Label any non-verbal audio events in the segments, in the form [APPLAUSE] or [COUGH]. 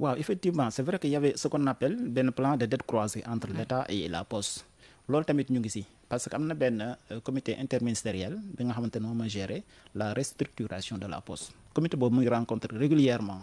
Oui, effectivement c'est vrai qu'il y avait ce qu'on appelle un plan de dette croisée entre l'État et la Poste que nous ñu ngi ici. parce que y a un comité interministériel qui nga gérer la restructuration de la Poste comité rencontre régulièrement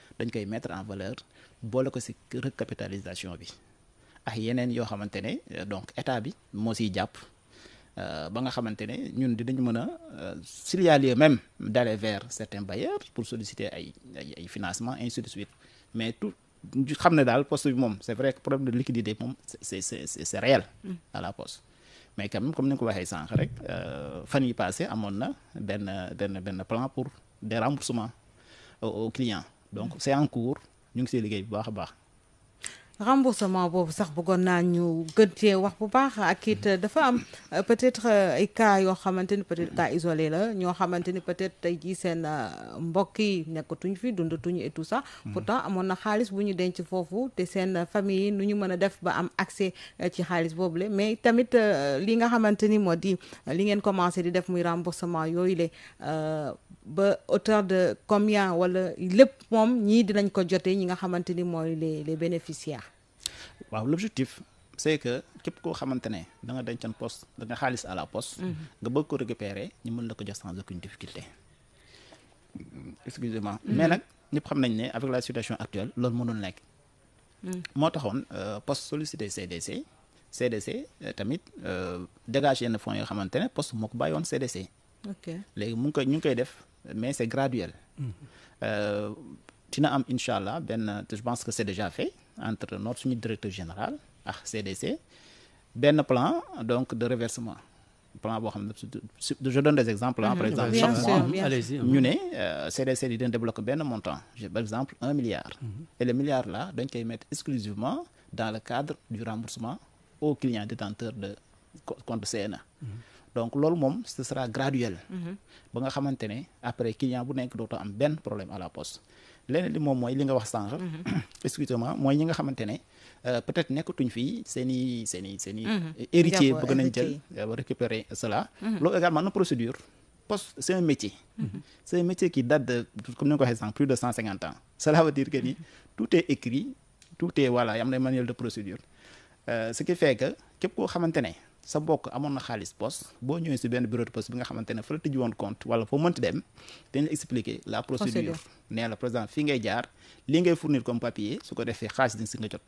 dañ koy mettre en valeur boole ko ci recapitalisation bi ak yeneen yoo xamante ne euh, donc état bi moo siy jàpp euh, ba nga xamante ne ñun dinañ mën euh, s'il y a lieu même d'aller vers certains bailleurs pour solliciter ay ay ay financement ainsi de suite mais tout xam ne daal poste bi moom c'est vrai que problème de liquidité c'est c'est c'est réel mm. à la poste mais quand même comme ni nga ko waxee sànq rek yi passé amoon na benn benn plan pour des remboursements aux clients donc c'est en cours ñu ngi siy liggéey bu baax a baax. remboursement boobu sax bëggoon naa ñu wax bu baax ak euh, peut-être euh, ay cas peut-être cas isolé la peut-être euh, fi et tout ça. Hmm. pourtant amoon na bu ñu denc famille def ba am accès ci xaalis mais tamit li nga li ngeen commencé di def muy remboursement ba de combien wala dinañ ko jotee ñi nga les bénéficiaires waaw l'objectif c'est que képp koo xamante ne da nga dencoon poste da nga xaalis à la poste. Mhm. nga bëgg ko récupérer ñu mën la ko jox sans aucune difficulté. excusez-moi mhm. mais nag ñëpp xam nañ ne avec la situation actuelle loolu mënul nekk. Mhm. moo taxoon euh, poste sollicité CDC. CDC euh, tamit euh, dégagé yenn fonds yoo xamante ne poste moo ko CDC. ok léegi mu ngi koy ñu def mais c'est graduel je pense que c'est déjà fait entre notre directeur général ah CDC ben plan donc de reversement plan je donne des exemples. Hein, mhm, par exemple chaque mois CDC débloque un montant par exemple un milliard. Mhm. et le milliard là donc qui mettre exclusivement dans le cadre du remboursement aux clients détenteurs de compte CNA. Mhm. donc ce sera graduel. ba nga après client bu nek doto am problème à la poste leneen li moom mooy li nga wax sànq. Mhm. [CLEARS THROAT] excusez-moi mooy ñi nga xamante ne euh, peut-être nekkatuñ fii seen i seen i seen i. Mhm. héritier bëgg nañ jël euh, récupérer cela. Mhm. loolu également une procédure. c'est un métier. c'est un métier qui date de comme ni nga plus de 150 ans. [LAUGHS] cela veut dire que tout est écrit tout est voilà il y a un manuel de procédure euh, ce qui fait que képp koo xamante ne. sa mbokk amoon na xaalis poste boo ñëwee si benn bureau de poste bi nga xamante ne fa la tijji woon compte wala foo mënti dem dañu expliquer la procédure nee la président fii ngay jaar li ngay fournir comme papier su ko defee xaalis di si nga jot